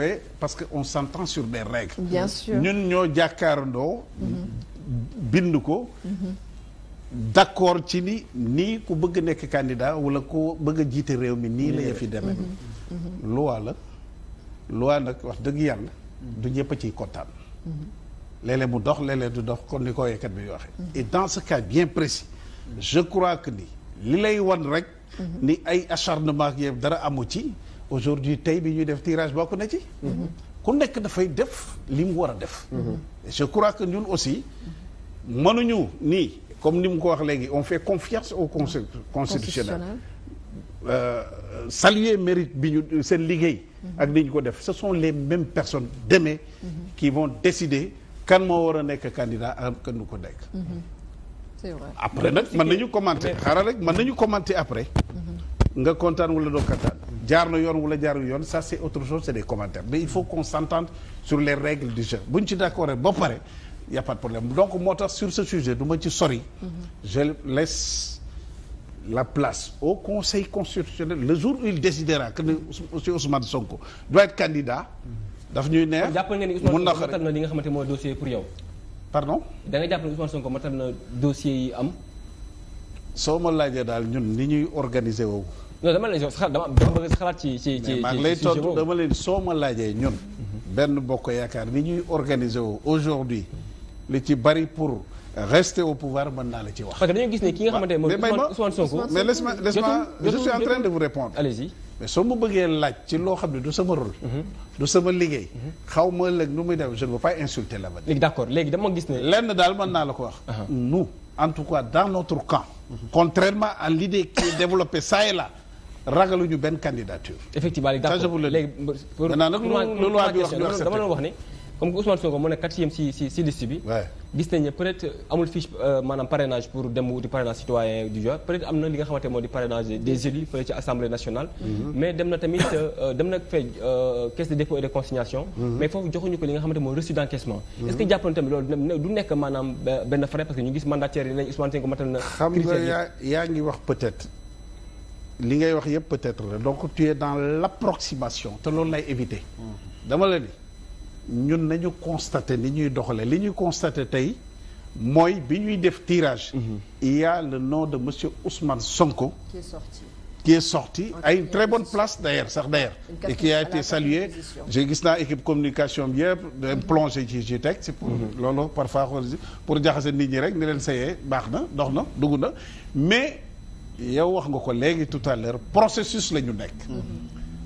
mais parce que on s'entend sur des règles. bien mm-hmm. ñoo jàkkaarandoo. Mm-hmm. bind ko. Mm-hmm. d'accord ci ni ku bëgg nekk candidat wala réew mi nii la fi demee. loi la loi nag wax dëgg yàlla. du ñëpp a ciy kontaan. léeg mu dox léeg-léeg du dox kon ni ko waykat bi waxee. et dans ce cas bien précis. je crois que ni li lay wan rek. ni ay acharnement ak yëpp dara amu ci. aujourd'hui tey bi ñuy def tirage bokk na ci ku nekk dafay def li mu war a def je crois que ñun aussi mënuñu nii comme ni mu ko wax léegi on fait confiance au conseil constitutionnel Euh, saluer mérite bi ñu seen liggéey ak ni ñu ko def ce sont les mêmes personnes demain mmh. qui vont décider kan moo war a nekk candidat ak kan ko nekk c'est vrai après nag mën nañu commenter xaaral rek mën nañu commenter après mhm. nga kontaan wala doo kontaan jaar na yoon wala jaarul yoon ça c'est autre chose c'est des commentaires mais il faut qu'on sur les règles du jeu bu ñu ci d'accord ba pare y a problème donc moo tax sur ce sujet du ma ci sori je laisse la place au conseil constitutionnel le jour où il décidera que monsieur Ousmane Sonko doit être candidat daf ñuy neex mun na xarit matal na li xamante mooy dossier pour yow pardon da nga jàpp ne Ousmane Sonko matal na dossier yi am soo ma laajee daal ñun ni ñuy organiser woowu. non dama lay dama bëgg xalaat ci ci ci maa ngi lay tontu dama leen soo ma laajee ñun. Mhm. benn bokk yaakaar ni ñuy organiser woo aujourd'hui li ci bari pour rester au pouvoir mën naa la ci wax. parce ki nga xamante ne mooy Ousmane Sonko soo ma bëggee laaj ci loo xam ne du sama rôle. Mhm. du sama liggéey. Mhm. xaw ma léegi nu muy def je ne veux pas insulter la ba. léegi d'accord léegi dama gis ne. lenn daal mën naa la ko wax. en tout cas dans notre camp. contrairement à l'idée qui est développée ça et là ragaluñu benn candidature. effectivement léegi d'accord léegi pour. maintenant nag lu loi bi wax ñu comme que Ousmane Sonko mu ne quatrième si si si liste gis nañ ne peut-être amul fiche euh, maanaam parrainage pour dem wuti parrainage citoyen du jour peut-être am na li nga xamante moo di parrainage des élus fële ci assemblée nationale. Mhm. mais dem na tamit euh, euh, dem na fee caisse de dépôt et de consignation. Mhm. mais foofu joxuñu ko li nga xamante mooy reçu d'encaissement. Mhm. est-ce que na tamit loolu du nekk maanaam benn frais parce que ñu gis mandataire yi nañ Ousmane Sonko matal na. xam nga yaa ngi wax peut-être li ngay wax yëpp peut-être la dans l'approximation te loolu lay éviter. dama la ñun nañu constaté ni ñuy doxale li ñuy constaté tey mooy bi ñuy def tirage. Mhm. il y a le nom de monsieur Ousmane Sonko. qui est sorti qui est sorti à une très bonne place d'ailleurs sax d'ailleurs et qui a été salué gis naa équipe communication bi yëpp dem mhm. plongé ci ci texte pour mhm. loolu parfois pour jaxase nit ñi rek ni leen sayee baax na dox na dugg na mais yow wax nga ko léegi tout à l'heure processus la ñu nekk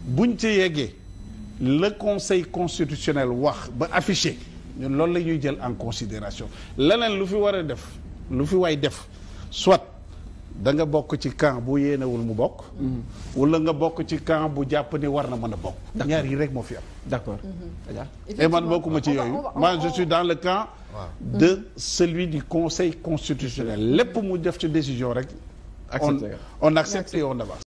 buñ ci yeggee le conseil constitutionnel wax ba affiché ñun loolu la ñuy jël en considération leneen lu fi war a def lu fi waay def soit da nga bokk ci camp bu yéenewul mu bokk mhm. wala nga bokk ci camp bu jàpp ni war na mën a bokk ñaar yi rek moo fi am d'accord mhm. et man bokkuma ci yooyu moi je suis dans le camp de celui du conseil constitutionnel lépp mu def ci décision rek on accepte et on avance